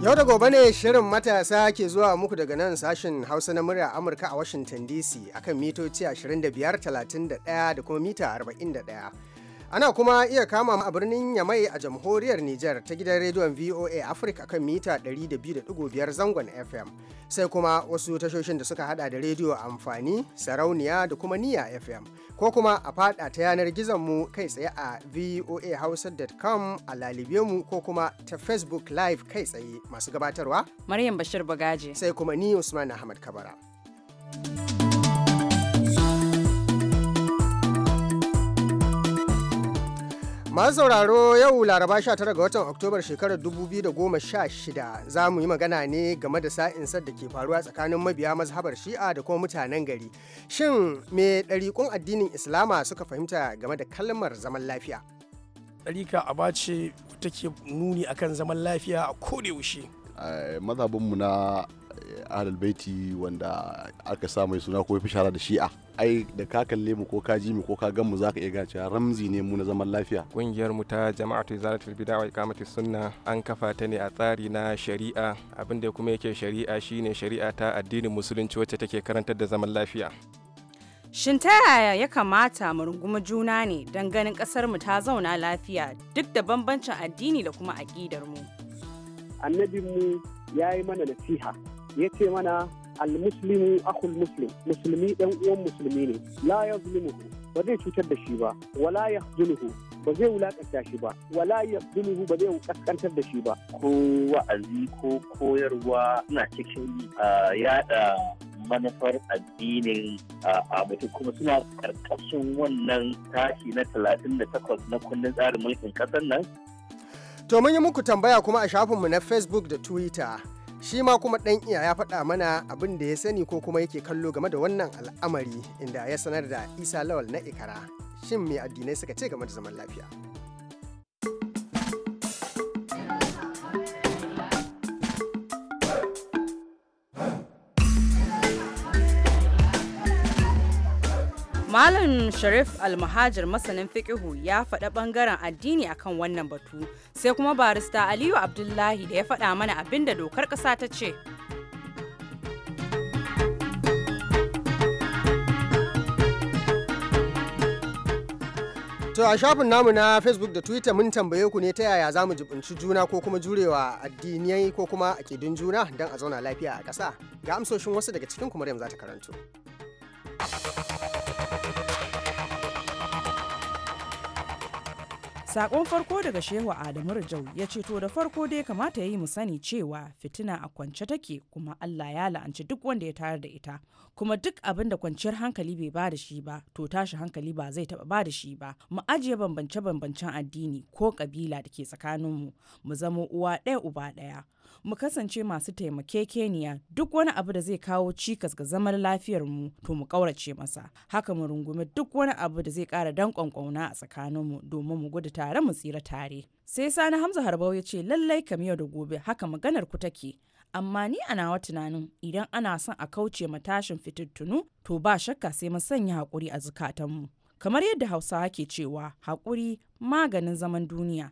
Yau da gobe ne shirin matasa ke zuwa muku daga nan sashen Hausa na murya Amurka a Washington DC akan mitoci 25, 31 da kuma mita 41. Ana kuma iya kama a birnin Yamai a jamhuriyar Nijar ta gidan rediyon VOA Africa kan mita 200.5 zangon FM. Sai kuma wasu tashoshin da suka hada da rediyo amfani, sarauniya da kuma niya FM. Ko kuma a fada ta yanar gizon mu kai tsaye a voahausa.com a lalibe mu ko kuma ta Facebook Live kai tsaye masu gabatarwa. Maryam Bashir Bagaje. Sai kuma ni Usman Ahmad Kabara. thank you Masu sauraro yau Laraba 19 ga watan Oktobar shekarar 2016 za mu yi magana ne game da sa'insar da ke faruwa tsakanin mabiya mazhabar Shi'a da kuma mutanen gari. Shin me ɗariƙun addinin Islama suka fahimta game da kalmar zaman lafiya? Ɗarika aba ce take nuni akan zaman lafiya a kodayaushe. Eh, mazhabinmu na ahlul baiti wanda aka sa mai suna ko fi shara da shi'a ai da ka kalle mu ko ka ji mu ko ka gan mu ka iya gace ramzi ne mu na zaman lafiya kungiyar mu ta jama'atu izalatul bid'a wa iqamatus sunna an kafa ta ne a tsari na shari'a abin da kuma yake shari'a shine shari'a ta addinin musulunci wacce take karantar da zaman lafiya Shin ta yaya ya kamata mu rungumi juna ne dan ganin kasar mu ta zauna lafiya duk da bambancin addini da kuma aqidar mu? Annabinmu ya yi mana nasiha ya ce mana almuslimu akhul muslim musulmi dan uwan musulmi ne la yazlimuhu ba zai cutar da shi ba wala yahzuluhu ba zai wulakanta shi ba wala yazlimuhu ba zai kaskantar da shi ba ko wa'azi ko koyarwa na cikin ah, yada manufar addinin ah, a mutu kuma suna karkashin wannan tashi na 38 na kundin tsarin mulkin kasar nan to mun yi muku tambaya kuma a shafinmu na facebook da twitter shi ma kuma ɗan iya ya faɗa mana abin da ya sani ko kuma yake kallo game da wannan al'amari inda ya sanar da isa lawal na ikara shin mai addinai suka ce game da zaman lafiya Malam Sharif Almahajir masanin fiqihu ya faɗa ɓangaren addini akan wannan batu sai kuma barista Aliyu Abdullahi da ya faɗa mana abin da dokar ƙasa ta ce. To a shafin namu na Facebook da Twitter mun tambaye ku ne ta yaya za mu jibinci juna ko kuma jurewa addinai ko kuma dun juna don a zauna lafiya a ƙasa. Ga amsoshin wasu daga cikin kuma za ta karanto. Sakon farko daga Shehu Adamu Rajau ya ce to da farko dai kamata yi mu sani cewa fitina a kwance take kuma Allah ya la'anci duk wanda ya tayar da ita. Kuma duk abin da kwanciyar hankali bai ba da shi ba to tashi hankali ba zai taba ba da shi ba. Mu ajiye bambance-bambancen addini ko kabila da ke tsakaninmu mu zama uwa ɗaya uba ɗaya. mu kasance masu taimakekeniya duk wani abu da zai kawo cikas ga zaman lafiyar mu to mu kaurace masa haka mu rungumi duk wani abu da zai kara dankon kauna a tsakaninmu domin mu gudu tare mu tsira tare sai sani hamza harbau ya ce lallai kam yau da gobe haka maganar ku take amma ni ana wa tunanin idan ana son a kauce ma tashin fitittunu to ba shakka sai mu sanya hakuri a zukatanmu kamar yadda hausawa ke cewa haƙuri maganin zaman duniya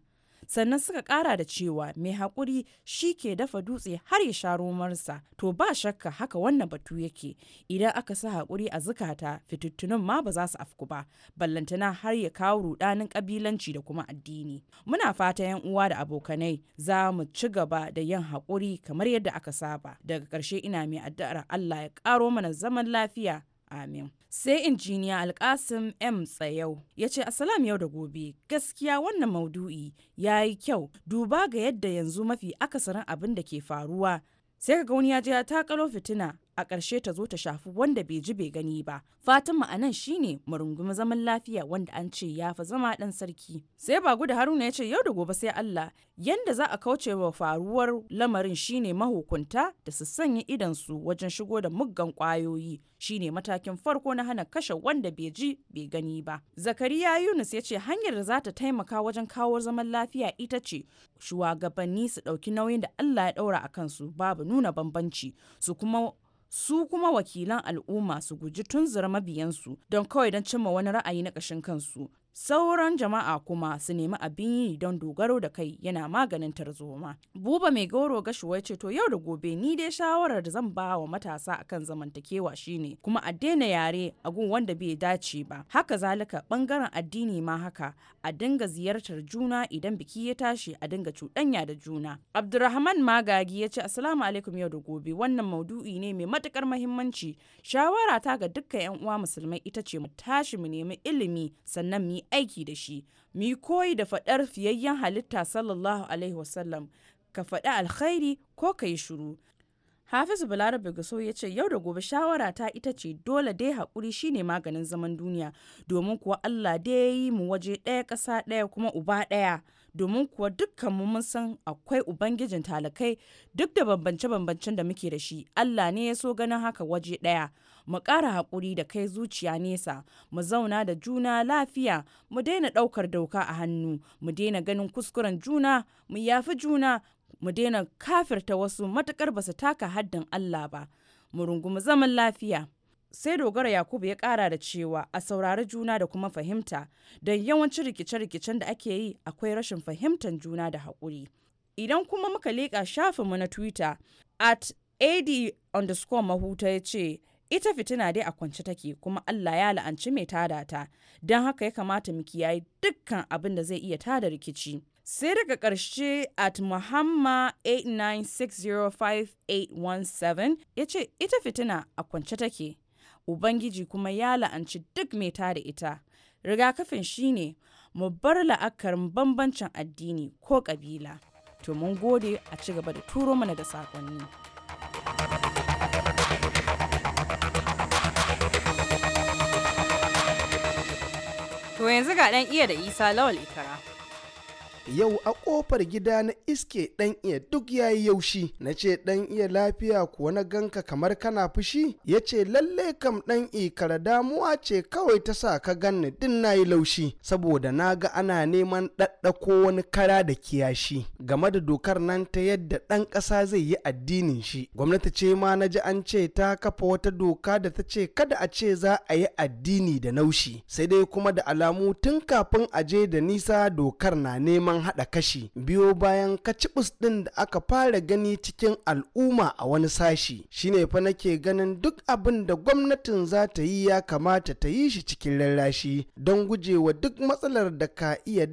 sannan suka kara da cewa mai haƙuri shi ke dafa dutse har ya sha romarsa to ba shakka haka wannan batu yake idan aka sa haƙuri a zukata fitattunan ma ba za su afku ba ballantana har ya kawo rudanin kabilanci da kuma addini muna fata yan uwa da abokanai za mu ci gaba da yin haƙuri kamar yadda aka saba daga ƙarshe ina mai addu'ar Allah ya ƙaro mana zaman lafiya amin sai injiniya alkasim m tsayau ya ce asalam yau da gobe gaskiya wannan maudu'i ya yi kyau duba ga yadda yanzu mafi akasarin abin da ke faruwa sai ka wani ya je ya takalo fitina a ƙarshe ta zo ta shafi wanda bai ji bai gani ba fatan ma'anan shine mu zaman lafiya wanda an ce ya fi zama ɗan sarki sai ba gudu haruna ya ce yau da gobe sai allah yanda za a kauce wa faruwar lamarin shine mahukunta da su sanya su wajen shigo da muggan kwayoyi shine matakin farko na hana kashe wanda bai ji bai gani ba zakariya yunus ya ce hanyar da za ta taimaka wajen kawo zaman lafiya ita ce shugabanni su ɗauki nauyin da allah ya ɗaura a kansu babu nuna bambanci su kuma su kuma wakilan al'umma su guji tunzura mabiyansu don kawai don cimma wani ra'ayi na ƙashin kansu sauran jama'a kuma su nemi abin yi don dogaro da kai yana maganin tarzoma. Buba mai goro ga shuwa ce to yau da gobe ni dai shawarar da zan ba wa matasa akan zamantakewa shine kuma a daina yare a gun wanda bai dace ba. Haka zalika bangaren addini ma haka a dinga ziyartar juna idan biki ya tashi a dinga cuɗanya da juna. Abdurrahman Magagi ya ce assalamu alaikum yau da gobe wannan maudu'i ne mai matukar mahimmanci. Shawara ta ga dukkan 'yan uwa musulmai ita ce mu tashi mu nemi ilimi sannan mu yi aiki da shi mu yi koyi da faɗar fiyayyen halitta sallallahu alaihi wasallam ka faɗi alkhairi ko ka yi shiru hafizu balarabe gaso ya ce yau da gobe shawara ta ita ce dole dai haƙuri shine maganin zaman duniya domin kuwa allah dai ya yi mu waje ɗaya ƙasa ɗaya kuma uba ɗaya domin kuwa dukkan mu mun san akwai ubangijin talakai duk da bambance-bambancen da muke da shi allah ne ya so ganin haka waje ɗaya mu ƙara haƙuri da kai zuciya nesa mu zauna da juna lafiya mu daina ɗaukar doka a hannu mu daina ganin kuskuren juna mu yafi juna mu daina kafirta wasu matuƙar basu taka haddin Allah ba mu rungumi zaman lafiya sai dogara yakubu ya ƙara da cewa a saurari juna da kuma fahimta don yawancin rikice-rikicen da ake yi akwai rashin fahimtar juna da haƙuri idan kuma muka leƙa shafinmu na twitter at ad mahuta ya ce ita fitina dai a kwance take kuma Allah ya la'anci mai tada ta don haka ya kamata mu kiyaye dukkan abin da zai iya tada rikici sai daga ƙarshe at muhamma 8960517 ya ce ita fitina a kwance take ubangiji kuma ya la'anci duk mai tada ita rigakafin shine mu bar la'akarin bambancin addini ko ƙabila to mun gode a ci gaba da turo mana da saƙonni. To yanzu ga ɗan iya da Isa Lawal Ikara. yau a kofar gida na iske dan iya duk yayi yaushi na ce dan iya lafiya kuwa na ganka kamar kana fushi ya ce lalle kam dan ikara damuwa ce kawai ta sa ka ganni din yi laushi saboda na ga ana neman ɗaɗɗako wani kara da kiyashi game da dokar nan ta yadda ɗan ƙasa zai yi addinin shi gwamnati ce ma na ji an ce ta kafa wata doka da ta ce kada a ce za a yi addini da naushi sai dai kuma da alamu tun kafin a je da nisa dokar na neman an haɗa kashi biyo bayan kacibus ɗin da aka fara gani cikin al'umma a wani sashi shine fa nake ganin duk abin da gwamnatin za ta yi ya kamata ta yi shi cikin rarrashi don gujewa duk matsalar da ka iya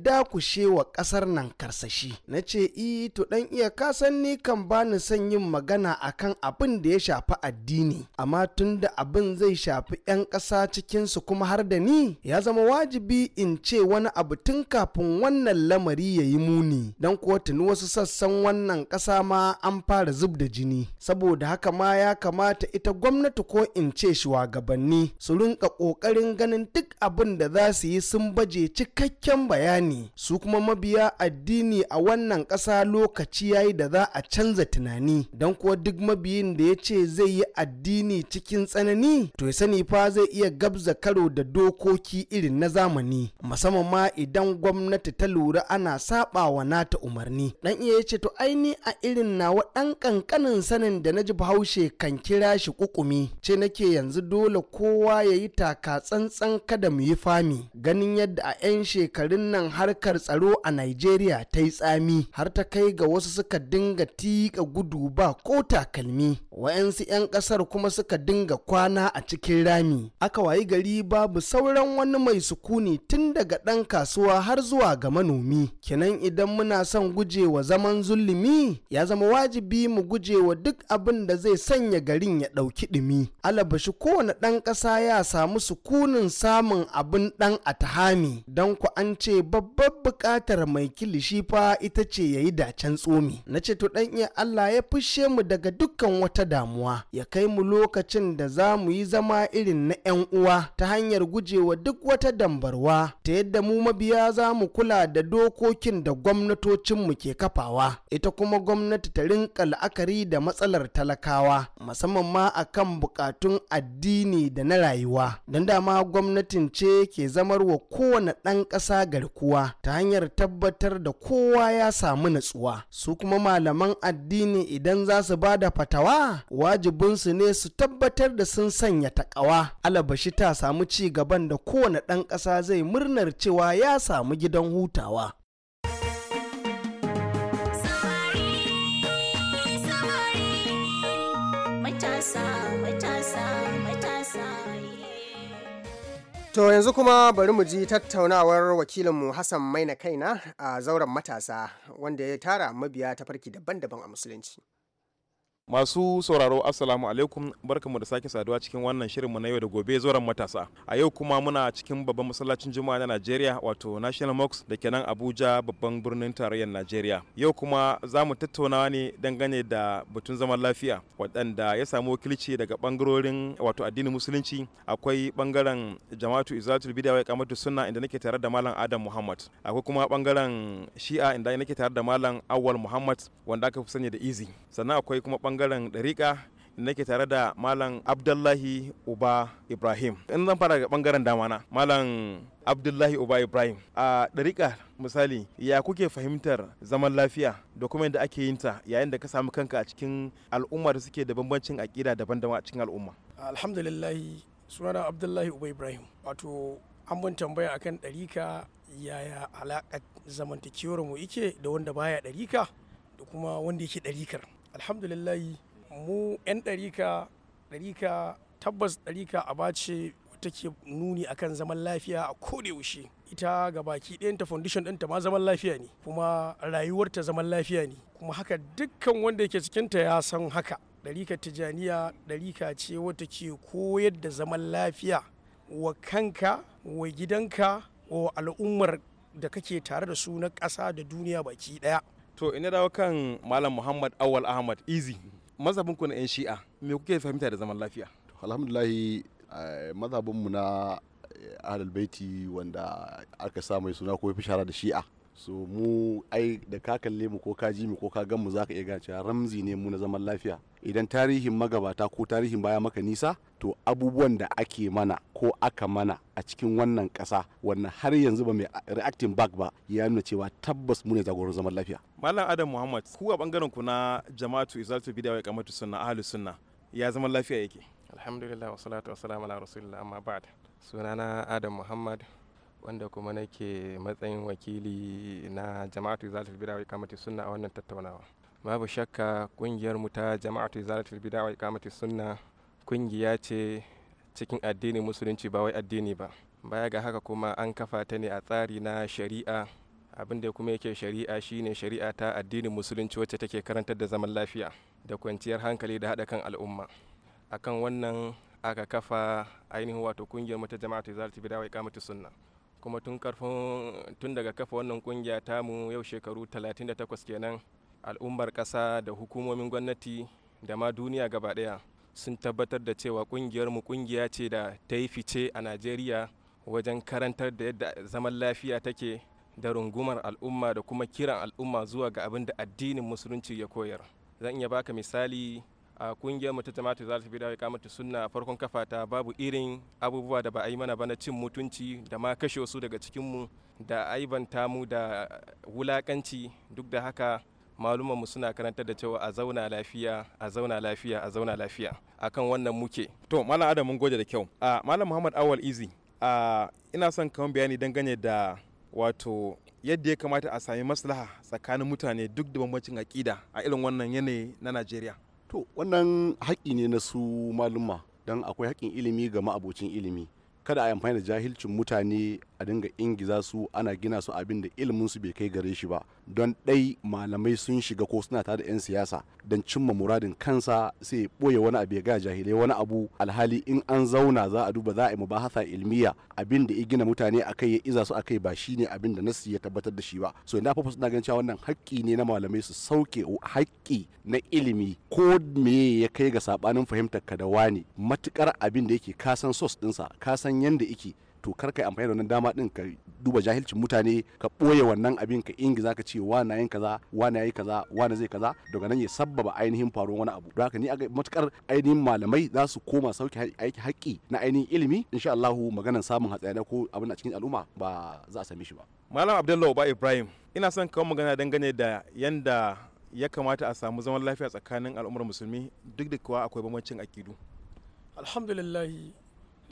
wa ƙasar nan karsashi na ce i e, to ɗan iya kasan ni kan bani son yin magana akan abin da ya shafi addini amma tun da abin zai shafi 'yan ƙasa cikinsu kuma har da ni ya zama wajibi in ce wani abu tun kafin wannan lamari ya yi muni don kuwa tuni wasu sassan wannan ƙasa ma an fara zub da jini saboda haka ma ya kamata ita gwamnati ko in ce shugabanni su rinka ƙoƙarin ganin duk abin da za su yi sun baje cikakken bayani su kuma mabiya addini a wannan ƙasa lokaci yayi da za a canza tunani don kuwa duk mabiyin da ya ce zai yi addini cikin tsanani to ya sani fa zai iya gabza karo da dokoki irin na zamani musamman ma idan gwamnati ta lura ana saba wa nata umarni dan iya ce to aini a irin nawa dan kankanin sanin da naji bahaushe kan kira shi kukumi ce nake yanzu dole kowa ya yi taka tsantsan kada mu yi fami ganin yadda a 'yan shekarun nan harkar tsaro a Najeriya ta yi tsami har ta kai ga wasu suka dinga tiƙa gudu ba ko takalmi wa'yansu 'yan ƙasar kuma suka dinga kwana a cikin rami aka wayi gari babu sauran wani mai sukuni tun daga ɗan kasuwa har zuwa ga manomi kenan idan muna son guje wa zaman zulumi ya zama wajibi mu guje wa duk abin da zai sanya garin ya ɗauki ɗumi alabashi kowane ɗan ƙasa ya samu sukunin samun abin ɗan a tahami don ku an ce babbar buƙatar mai kilishi fa ita ce ya yi dacen tsomi na ce to ɗan iya Allah ya fushe mu daga dukkan wata damuwa ya kai mu lokacin da za mu yi zama irin na 'yan uwa ta hanyar guje wa duk wata dambarwa ta yadda mu mabiya za mu kula da dokoki dokokin da gwamnatocinmu ke kafawa ita kuma gwamnati ta rinka la'akari da matsalar talakawa musamman ma a kan bukatun addini da na rayuwa don dama gwamnatin ce ke zamar wa kowane ɗan ƙasa garkuwa ta hanyar tabbatar da kowa ya samu natsuwa su kuma malaman addini idan za su ba da fatawa wajibinsu ne su tabbatar da sun sanya takawa alabashi ta samu ci gaban da kowane ɗan ƙasa zai murnar cewa ya samu gidan hutawa To yanzu kuma bari mu ji tattaunawar wakilinmu Hassan Maina Kaina a zauren matasa wanda ya tara mabiya tafarki daban-daban a musulunci. Masu sauraro Assalamu alaikum barkamu da sake saduwa cikin wannan shirinmu na yau da gobe zoran matasa. A yau kuma muna cikin babban masallacin Juma'a na Najeriya wato National Mosque da ke Abuja babban birnin tarayyar Najeriya. Yau kuma za mu tattaunawa ne dangane da batun zaman lafiya waɗanda ya samu wakilci daga bangarorin wato addinin musulunci akwai bangaren Jama'atu izatul Bid'a wa kamatu Sunna inda nake tare da Malam Adam Muhammad. Akwai kuma bangaren Shi'a inda nake tare da Malam Awwal Muhammad wanda aka fi sani da Izi. Sannan akwai kuma bangaren ɗariƙa nake tare da malam abdullahi uba ibrahim in zan fara ga bangaren damana malam abdullahi uba ibrahim a dariƙa misali ya kuke fahimtar zaman lafiya da kuma yadda ake yinta yayin da ka samu kanka a cikin al'umma da suke da bambancin aƙida daban-daban a cikin al'umma alhamdulillah sunana abdullahi uba ibrahim wato an mun tambaya akan ɗarika yaya alaƙar zamantakewar mu ike da wanda baya ɗarika da kuma wanda yake ɗarikar alhamdulillah mu 'yan ɗarika ɗarika tabbas ɗarika bace ce take nuni akan zaman lafiya a koda yaushe ita ga baki ɗayanta foundation ɗinta ma zaman lafiya ne kuma rayuwarta zaman lafiya ne kuma haka dukkan wanda yake cikinta ya san haka ɗarika tijaniya ɗarika ce wata ke koyar da zaman lafiya wa kanka wa gidanka wa al'ummar da kake tare da su na ƙasa da duniya baki ɗaya to ina dawo kan malam muhammad awal ahmad easy mazhabin ku na yan shi'a me kuke fahimta da zaman lafiya alhamdulahi mazhabin mu na ahlul baiti wanda aka sa mai suna ko fi shara da shi'a so mu ai da ka kalle mu ko ka ji mu ko ka gan mu zaka iya gane ramzi ne mu na zaman lafiya idan tarihin magabata ko tarihin baya maka nisa to abubuwan da ake mana ko aka mana a cikin wannan kasa wannan har yanzu ba mai reacting back ba ya nuna cewa tabbas mu ne jagoran zaman lafiya malam adam muhammad ku a bangaren ku na jama'atu izalatu bidawa wa kamatu sunna ahli sunna ya zaman lafiya yake alhamdulillah wa salatu wa salam ala rasulillah amma ba'd sunana adam muhammad wanda kuma nake matsayin wakili na jama'atu izalatu bidawa wa kamatu sunna a wannan tattaunawa babu shakka kungiyar mu ta jama'atu izalatul bid'a wa kamata sunna kungiya ce cikin addinin musulunci ba wai addini ba baya ga haka kuma an kafa ta ne a tsari na shari'a abin da kuma yake shari'a shine shari'a ta addinin musulunci wacce take karantar da zaman lafiya da kwanciyar hankali da haɗa kan al'umma akan wannan aka kafa ainihin wato kungiyar mata jama'atu izalatul bid'a wa kamata sunna kuma tun karfin tun daga kafa wannan kungiya tamu yau shekaru 38 kenan al'ummar ƙasa da hukumomin gwamnati da ma duniya gaba ɗaya sun tabbatar da cewa ƙungiyarmu ƙungiya ce da ta yi fice a najeriya wajen karantar da yadda zaman lafiya take da rungumar al'umma da kuma kiran al'umma zuwa ga abin da addinin musulunci ya koyar zan iya baka misali a kungiyar mu ta tamatu za ta fi dawo ya sunna farkon kafa ta babu irin abubuwa da ba a yi mana ba na cin mutunci da ma kashe wasu daga cikinmu da aibanta mu da wulakanci duk da haka mu suna karantar da cewa a zauna lafiya a zauna lafiya a zauna lafiya akan wannan muke to malam adam mun gode da kyau a malam muhammad awal izi a ina son kaman bayani dangane da wato yadda ya kamata a sami maslaha tsakanin mutane duk da bambancin aƙida a irin wannan yanayi na najeriya to wannan haƙƙi ne na su maluma don akwai haƙƙin ilimi ga ma'abocin ilimi kada a amfani da jahilcin mutane a dinga ingiza su ana gina su abin da ilimin su bai kai gare shi ba don ɗai malamai sun shiga ko suna tare da 'yan siyasa don cimma muradin kansa sai ya ɓoye wani abu ya ga jahilai wani abu alhali in an zauna za a duba za a yi mubahasa ilmiya abin da ya gina mutane akai ya iza su akai ba shine abin da nasu ya tabbatar da shi ba so na fafa suna ganin cewa wannan haƙƙi ne na malamai su sauke haƙƙi na ilimi ko me ya kai ga saɓanin fahimtar ka da wani matukar abin da yake kasan sos ɗinsa kasan yanda yake to kar ka amfani da wannan dama din ka duba jahilcin mutane ka boye wannan abin ka ingi zaka ce wa na yin kaza wa na yi kaza wa na zai kaza daga nan ya sabbaba ainihin faruwar wani abu haka ni a matukar ainihin malamai za su koma sauke aiki haƙƙi na ainihin ilimi insha Allah maganar samun hatsari ko abin a cikin al'umma ba za a same shi ba malam abdullahi ba ibrahim ina son kawo magana dangane da yanda ya kamata a samu zaman lafiya tsakanin al'ummar musulmi duk da kuwa akwai bambancin akidu alhamdulillah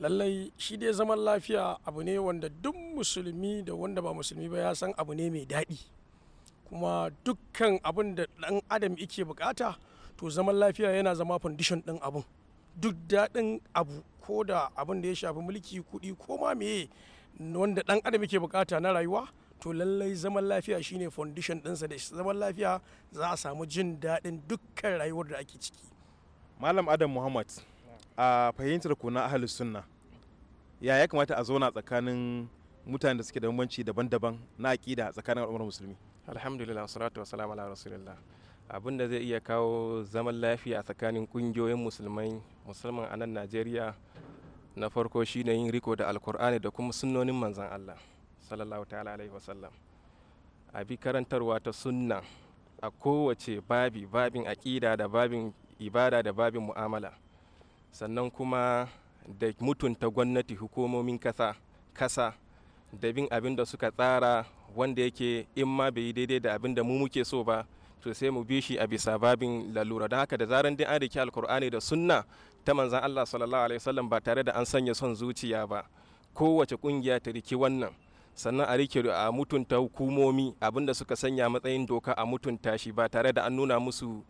lallai shi dai zaman lafiya abu ne wanda duk musulmi da wanda ba musulmi ba ya san abu ne mai daɗi kuma dukkan abin da ɗan adam yake bukata to zaman lafiya yana zama foundation ɗin abin duk daɗin abu ko da abin da ya shafi mulki kuɗi ko ma meye wanda ɗan adam yake bukata na rayuwa to lallai zaman lafiya shine foundation ɗinsa da zaman lafiya za a samu jin daɗin dukkan rayuwar da ake ciki malam adam muhammad a fahimtar ku na ahalus sunna ya ya kamata a zauna tsakanin mutanen da suke da bambanci daban-daban na aƙida tsakanin al'ummar musulmi alhamdulillah salatu wa salam ala rasulillah abin da zai iya kawo zaman lafiya a tsakanin kungiyoyin musulmai musulman a nan najeriya na farko shine yin riko da alkur'ani da kuma sunnonin manzan allah sallallahu ta'ala alaihi wasallam a bi karantarwa ta sunna a kowace babi babin aƙida da babin ibada da babin mu'amala sannan kuma da mutunta gwamnati hukumomin kasa kasa da bin abin da suka tsara wanda yake in ma bai yi daidai da abin da mu muke so ba to sai mu bi shi a bisa babin lalura da haka da zaran dai an rike alkur'ani da sunna ta manzan Allah sallallahu alaihi wasallam ba tare da an sanya son zuciya ba kowace kungiya ta riki wannan sannan a rike a mutunta hukumomi abin da suka sanya matsayin doka a mutunta shi ba tare da an nuna musu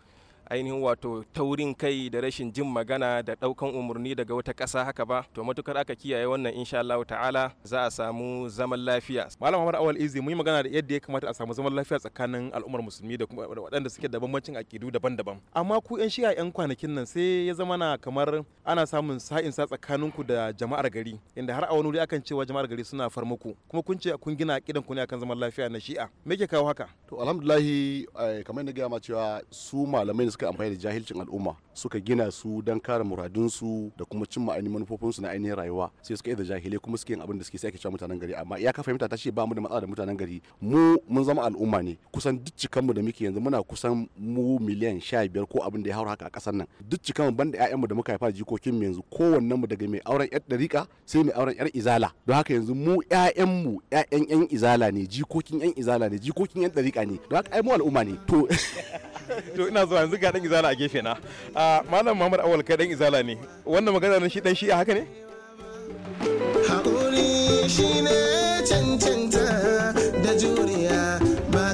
ainihin wato taurin kai da rashin jin magana da ɗaukan umarni daga wata ƙasa haka ba to matukar aka kiyaye wannan insha Allah ta'ala za a samu zaman lafiya malam Muhammad Awal Izi mun yi magana da yadda ya kamata a samu zaman lafiya tsakanin al'ummar musulmi da kuma waɗanda suke da bambancin akidu daban-daban amma ku yan shi'a yan kwanakin nan sai ya zama na kamar ana samun sa'in sa tsakaninku da jama'ar gari inda har a wani wuri akan cewa jama'ar gari suna far muku kuma kun ce kun gina akidan ku ne akan zaman lafiya na shi'a me ke kawo haka to alhamdulillah eh, kamar na ga ma cewa su malamai suka amfani da jahilcin al'umma suka gina su don kare muradinsu da kuma cimma ainihin manufofinsu na ainihin rayuwa sai suka yi da jahilai kuma suke yin abin da suke sai ake cewa mutanen gari amma ya kafa mutane ta ce ba mu da matsala da mutanen gari mu mun zama al'umma ne kusan duk cikanmu da muke yanzu muna kusan mu miliyan sha biyar ko abin da ya haura haka a ƙasar nan duk cikanmu banda ƴaƴanmu da muka haifa da jikokin mu yanzu kowannen mu daga mai auren yar dariƙa sai mai auren yar izala don haka yanzu mu ƴaƴanmu ƴaƴan yan izala ne jikokin yan izala ne jikokin yan dariƙa ne don haka ai mu al'umma ne to to ina zuwa yanzu ga dan izala a gefe na a malam muhammad awal kai dan izala ne wannan magana shi dan shi haka ne haƙuri shi ne cancanta da juriya ba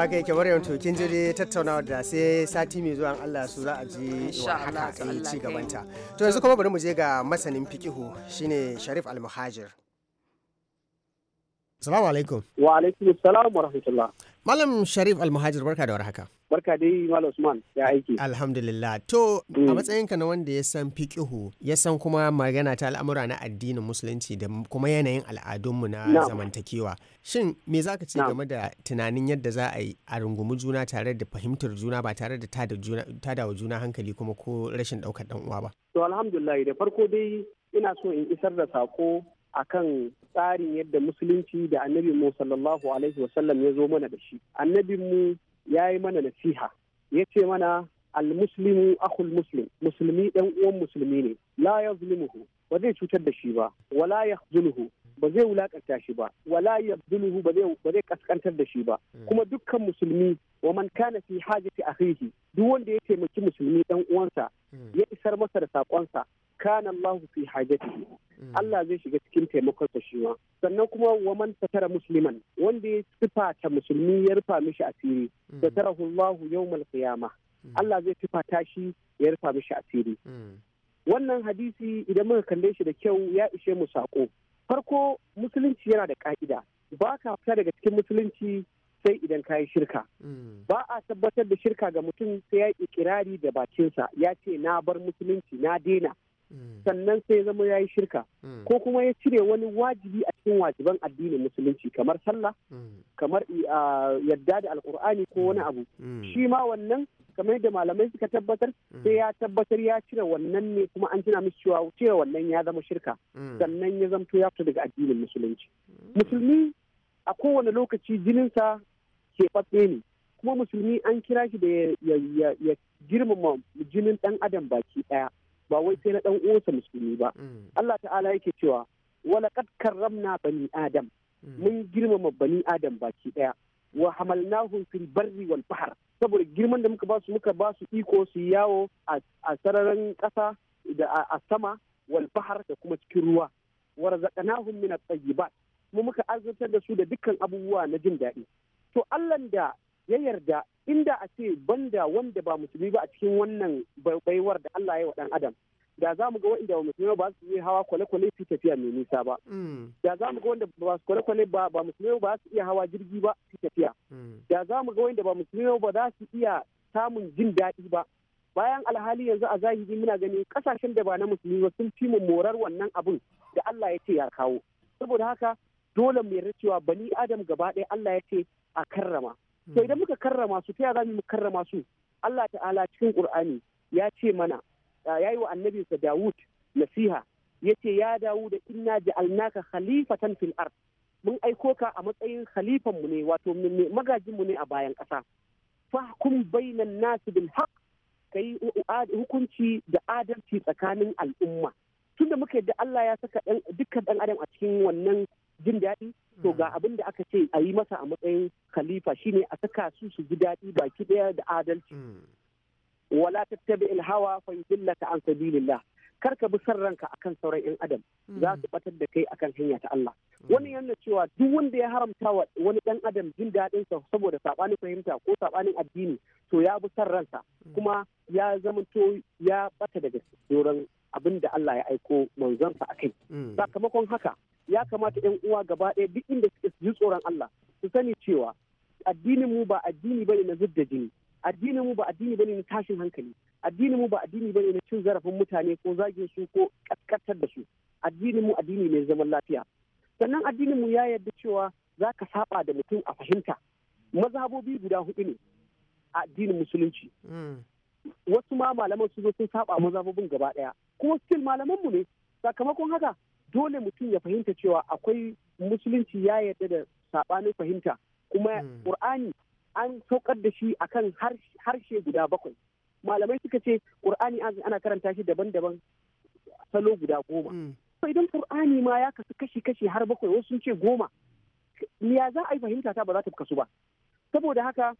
haka yake maryam to kin jire tattaunawa da sai sati mai zuwa Allah su za a ji wa haka ci gabanta to yanzu kuma bari mu je ga masanin fikihu shine Sharif Al-Muhajir Salamu alaikum. Wa alaikum salam wa rahmatullah. Malam Sharif Almuhajir barka da warhaka. Barka dai Malam Usman ya aiki. Alhamdulillah. To a mm. matsayinka na wanda ya san fiqihu, ya san kuma magana ta al'amura na addinin musulunci da kuma yanayin al'adunmu na zamantakewa. Shin me za ka ce game da tunanin yadda za a yi a rungumi juna tare da fahimtar juna ba tare da tada wa juna hankali kuma ko rashin ɗaukar ɗan uwa ba? To alhamdulillah da farko dai ina so in isar da sako akan tsarin yadda musulunci da annabi mu sallallahu alaihi wasallam ya zo mana da shi annabin mu ya yi mana nasiha ya ce mana almuslimu akhul muslim musulmi ɗan uwan musulmi ne la yazlimuhu ba zai cutar da shi ba wala yahzuluhu ba zai wulakanta shi ba wala yabduluhu ba zai kaskantar da shi ba hmm. kuma dukkan musulmi wa man kana fi hajati akhihi duk wanda ya taimaki musulmi ɗan uwansa hmm. ya isar masa da saƙonsa. kana Allahu fi hajatihi mm. Allah zai shiga cikin taimakon sa shi sannan kuma wa man satara musliman wanda ya ta musulmi ya rufa mishi asiri mm. satarahu Allahu yawmal qiyamah mm. Allah zai ta shi ya rufa mishi asiri wannan hadisi idan muka kalle shi da kyau ya ishe mu sako farko musulunci yana da ka'ida ba ka fita daga cikin musulunci sai idan kayi shirka ba a tabbatar da shirka ga mutum sai ya yi ikirari da bakinsa ya ce na bar musulunci na daina Mm. sannan sai ya zama ya yi shirka mm. ko kuma ya cire wani wajibi a cikin wajiban addinin musulunci kamar sallah mm. kamar yadda da alkur'ani ko wani abu shi ma wannan kamar yadda malamai suka tabbatar sai ya tabbatar ya cire wannan ne kuma an tuna musu cewa cire wannan ya zama shirka sannan ya zamto ya fita daga addinin musulunci musulmi a kowane lokaci jinin sa ke ne kuma musulmi an kira shi da ya girmama jinin dan adam baki ɗaya ba wai sai na dan uwansa musulmi ba mm. Allah ta'ala yake cewa walaqad karramna bani adam mm. mun girmama bani adam baki daya wa hamalnahum fil barri wal bahr saboda girman da muka ba su muka ba su iko su yawo a sararin kasa da a sama wal bahr da kuma cikin ruwa wa razaqnahum min at-tayyibat mu muka arzantar da su da dukkan abubuwa na jin daɗi to Allah da ya yarda inda a ce banda wanda ba musulmi ba a cikin wannan baiwar da Allah ya wa dan adam da za mu ga wanda ba musulmi ba su iya hawa kwale-kwale su tafiya mai nisa ba mm. da za mu ga wanda ba su kwale-kwale ba musulmi ba su iya hawa jirgi ba su tafiya mm. da za mu ga wanda ba musulmi ba za su iya samun jin daɗi ba bayan alhali yanzu a zahiri muna gani kasashen da ba na musulmi ba sun fi mu morar wannan abun da Allah ya ce ya kawo saboda haka dole mu yarda cewa bani adam gaba ɗaya Allah ya ce a karrama Hmm. to idan muka karrama su ta ya za mu karrama su Allah ta'ala cikin Qur'ani ya ce mana ya yi wa annabinsa Dawud nasiha ya ce ya da inna ja'alnaka khalifatan fil ard mun aiko ka a matsayin khalifan mu ne wato magajin mu ne a bayan ƙasa fahkum bainan nasi bil haqq kai hukunci da adalci tsakanin al'umma tunda muka yadda Allah ya saka dukkan dan adam a cikin wannan jin daɗi to hmm. ga abin da aka ce a yi masa a matsayin khalifa shine a saka su su ji daɗi baki ɗaya da adalci hmm. wala tattabi ilhawa fa yudillaka an sabilillah kar ka bi san ranka akan sauran yan adam hmm. za su batar da kai akan hanya ta Allah wani yana cewa duk wanda ya haramta wa wani dan adam jin daɗin sa saboda sabanin fahimta ko saɓanin addini to ya bi san ransa kuma ya zamanto ya bata daga sauran abin da Allah ya aiko manzonsa akai sakamakon haka ya kamata yan uwa gaba ɗaya duk inda suke su tsoron Allah su sani cewa addinin mu ba addini bane na zubda jini addinin mu ba addini bane na tashin hankali addinin mu ba addini bane na cin zarafin mutane ko zagin su ko kaskantar da su addinin mu addini ne zaman lafiya sannan addinin mu ya yarda cewa za ka saba da mutum a fahimta mazhabobi guda hudu ne a addinin musulunci hmm. wasu ma malaman su zo sun saba mazhabobin gaba ɗaya. kuma still malaman mu ne sakamakon haka dole mutum ya fahimta cewa akwai musulunci ya yarda da saɓanin fahimta kuma ƙur'ani hmm. an saukar da shi akan harshe guda bakwai malamai suka ce ƙur'ani ana karanta shi daban-daban salo guda goma hmm. idan ƙur'ani ma ya kasu kashi-kashi har bakwai wasu sun ce goma ya za a yi fahimta ta ba za ta kasu ba saboda haka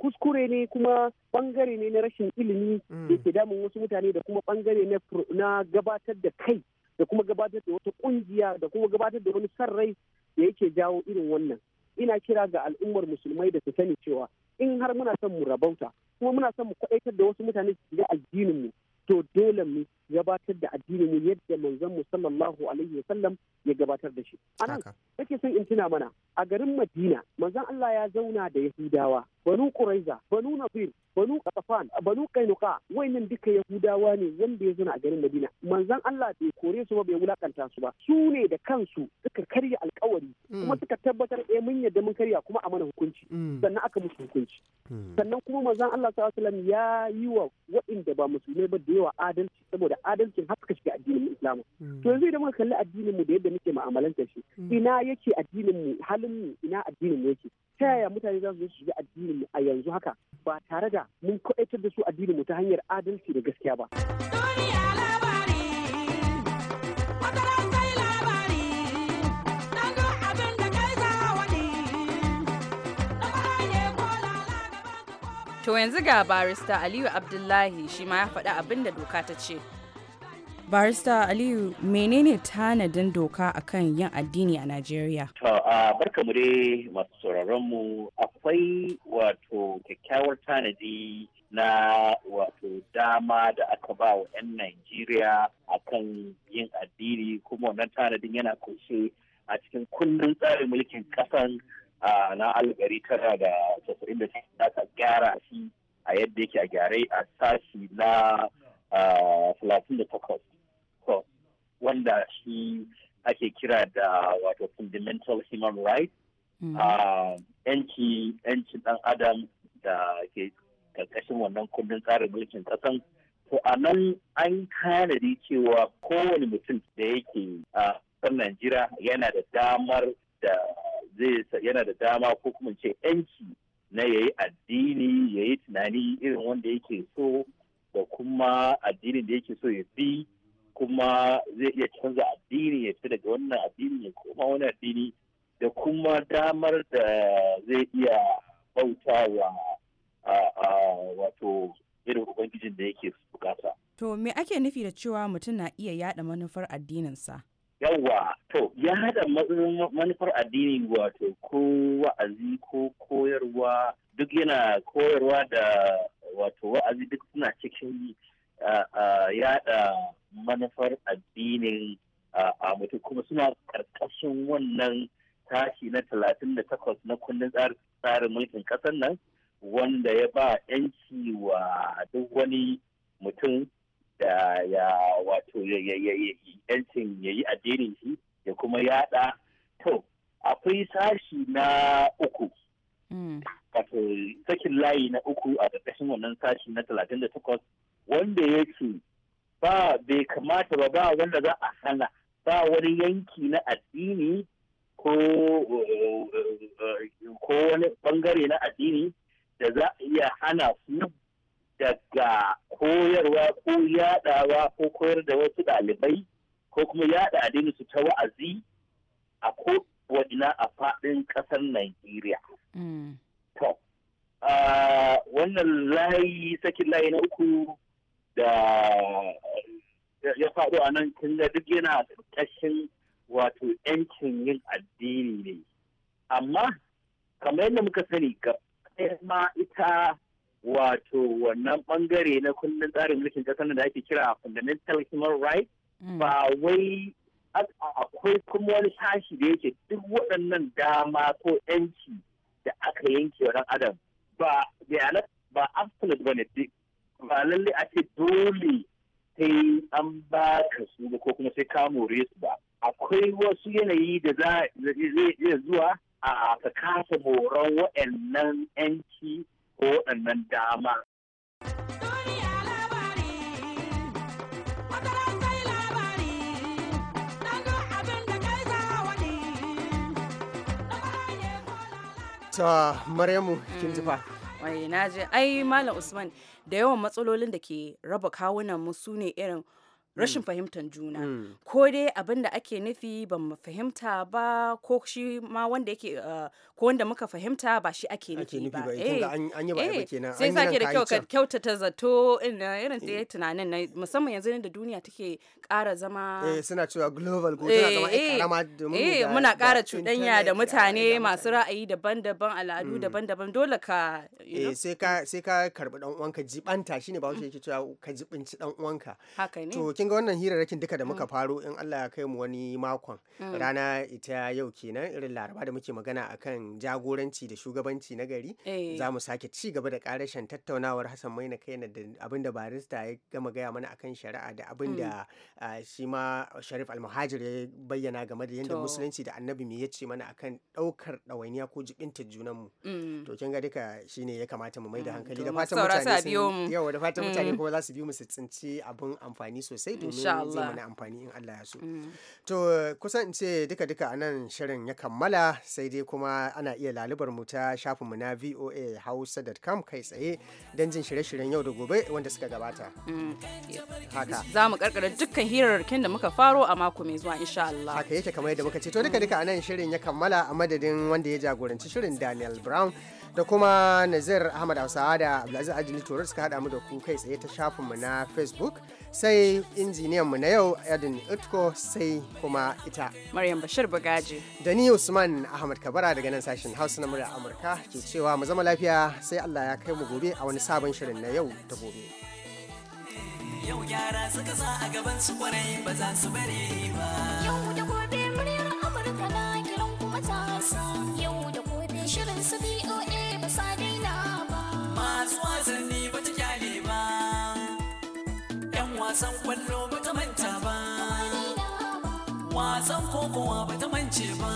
kuskure ne kuma bangare ne na rashin ilimi da hmm. ke damun wasu mutane da kuma bangare na gabatar da kai da kuma gabatar da wata kungiya da kuma gabatar da wani san rai da yake jawo irin wannan ina kira ga al'ummar musulmai da su sani cewa in har muna son mu rabauta kuma muna son mu kwaɗaitar da wasu mutane su shiga addinin mu to dole mu gabatar da addinin mu yadda manzon mu sallallahu alaihi wasallam ya gabatar da shi anan kake son in tuna mana a garin Madina manzon Allah ya zauna da Yahudawa banu Quraiza banu Nafir banu Qatafan banu Kainuka wayannan duka Yahudawa ne wanda ya zauna a garin Madina manzon Allah bai kore su ba bai wulakanta su ba su ne da kansu suka karya alkawari mm. kuma suka tabbatar eh mun yadda mun karya kuma a mana hukunci mm. sannan aka musu hukunci Hmm. sannan kuma manzon Allah sallallahu alaihi ya yi wa waɗanda ba musulmai ba da yawa adalci saboda adalci haka shiga addinin Islam hmm. to yanzu idan muka kalli addinin mu da yadda muke mu'amalanta shi hmm. ina yake addinin mu halin mu ina addinin mu yake ta yaya mutane za su zo shiga addinin mu a yanzu haka ba tare da mun kwaɗaitar da su addinin mu ta hanyar adalci da gaskiya ba. To yanzu ga barista Aliyu Abdullahi shi ma ya faɗi abin da doka ta ce. barista aliyu menene tanadin doka akan yin addini a najeriya to a barka mu dai masu sauraron akwai wato kyakkyawar tanadi na wato dama da aka ba wa 'yan najeriya akan yin addini kuma wannan tanadin yana kunshe a cikin kundin tsarin mulkin kasan na algari tara da casa'in da aka gyara shi a yadda yake a gyarai a sashi na 38 da wanda shi ake kira da wato fundamental human rights mm. yanci yancin ɗan adam da ke karkashin wannan kundin tsarin mulkin ƙasan to a nan an kanadi cewa kowane mutum da yake a san Najeriya yana da damar da zai yana da dama ko kuma ce yanci na ya yi addini ya yi tunani irin wanda yake so da kuma addinin da yake so ya bi kuma zai iya canza addini ya fi daga wannan addini ya koma wani addini da kuma damar da zai iya bauta wa wato irin ubangijin da yake bukata. To me ake nufi da cewa mutum na iya yada manufar addininsa? yawwa to ya haɗa manufar addini wato ko wa'azi ko koyarwa duk yana koyarwa da wato wa'azi duk suna cikin yada manufar addinin a mutum kuma suna karkashin wannan tashi na talatin da takwas na kundin tsarin mulkin ƙasar nan wanda ya ba yanci wa duk wani mutum da ya wato yancin ya yi addinin shi ya kuma yaɗa to akwai sashi na uku mm. wato sakin layi na uku a ƙarƙashin wannan sashi na talatin wanda ya ce ba bai kamata ba ba wanda za a hana ba wani yanki na addini ko eh, eh, eh, wani bangare na addini da za a iya hana su daga koyarwa ko yadawa ko koyar da wasu ɗalibai ko kuma yada addini su ta wa'azi a ko wadina a faɗin ƙasar Najeriya. Mm. To, wannan layi sakin layi na uku da ya faɗo a nan kin ga duk yana ƙarƙashin wato 'yancin yin addini ne. Amma, kamar yadda muka sani ga ma ita wato wannan bangare na kundin tsarin mulkin ƙasar da ake kira fundamental human rights mm. ba wai akwai kuma wani sashi da yake duk waɗannan dama ko yanci da aka yanke wa adam ba ba absolute ba ne ba lalle a ce dole sai an ba ka su ba ko kuma sai ka more su ba akwai wasu yanayi da za zai iya zuwa a ka kasa moron wa'annan yanci ko waɗannan dama ta maryamu kin jifa. fa mm, ai na ai malam usman da yawan matsalolin da ke raba kawunan mu su ne irin rashin mm. fahimtar juna mm. ko dai abin da ake nufi ba mu fahimta ba ko shi ma wanda yake uh, ko wanda muka fahimta ba shi ake nufi ba eh, eh, eh, sai sake da kyautata zato irin da tunanin na musamman yanzu da duniya take kara zama suna cewa global ko tana zama karama da eh muna kara cuɗanya da mutane masu ra'ayi daban-daban al'adu mm. daban-daban dole ka sai ka karbi dan uwanka jibanta shine ba wuce yake cewa ka jibinci dan uwanka haka ne kin ga wannan hirarrakin duka da muka mm. faro in Allah ya kai mu wani makon mm. rana ita yau kenan irin laraba da muke magana akan jagoranci da shugabanci na gari eh. za mu sake ci gaba da karashin tattaunawar Hassan Maina kaina da abin da barista ya gama gaya mana akan shari'a da abin da mm. shi ma Sharif Almuhajir ya bayyana game da yadda musulunci da annabi me ya ce mana akan ɗaukar ɗawainiya ko jibinta junanmu to kin ga duka shine ya kamata mu mai da hankali da fatan mutane yau da fatan mutane kuma za su bi mu su tsinci abin amfani sosai domin zai mana amfani in Allah ya so mm. to kusan ce duka duka anan shirin ya kammala sai dai kuma ana iya lalubar mu ta shafinmu na voa Hausa.com kai tsaye don jin shirye-shiryen yau da gobe wanda suka gabata mm. haka za mu karkara dukkan hirarrakin da muka faro a mako mai zuwa insha Allah haka yake kamar yadda muka ce to duka duka anan shirin ya kammala a madadin wanda ya jagoranci shirin Daniel Brown da kuma Nazir Ahmad Hausawa da Abdulaziz ajini Toro suka haɗa mu da ku kai tsaye ta shafinmu na Facebook sai injiniyan mu na yau Edin Utko sai kuma ita. Maryam Bashir bagaji. Da ni Usman Ahmad Kabara daga nan sashen Hausa na murya Amurka ke cewa mu zama lafiya sai Allah ya kai mu gobe a wani sabon shirin na yau da gobe. Yau gyara suka a gaban su kwarai ba za su bari ba. Yau da gobe muryar Amurka kiran kuma ta Yau da gobe shirin su biyu. wasan kokowa ba ta mance ba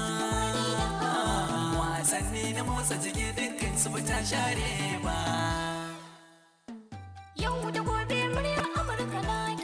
wasanni na motsa jiki dukkan su ba ta share ba yau da gobe murya amurka na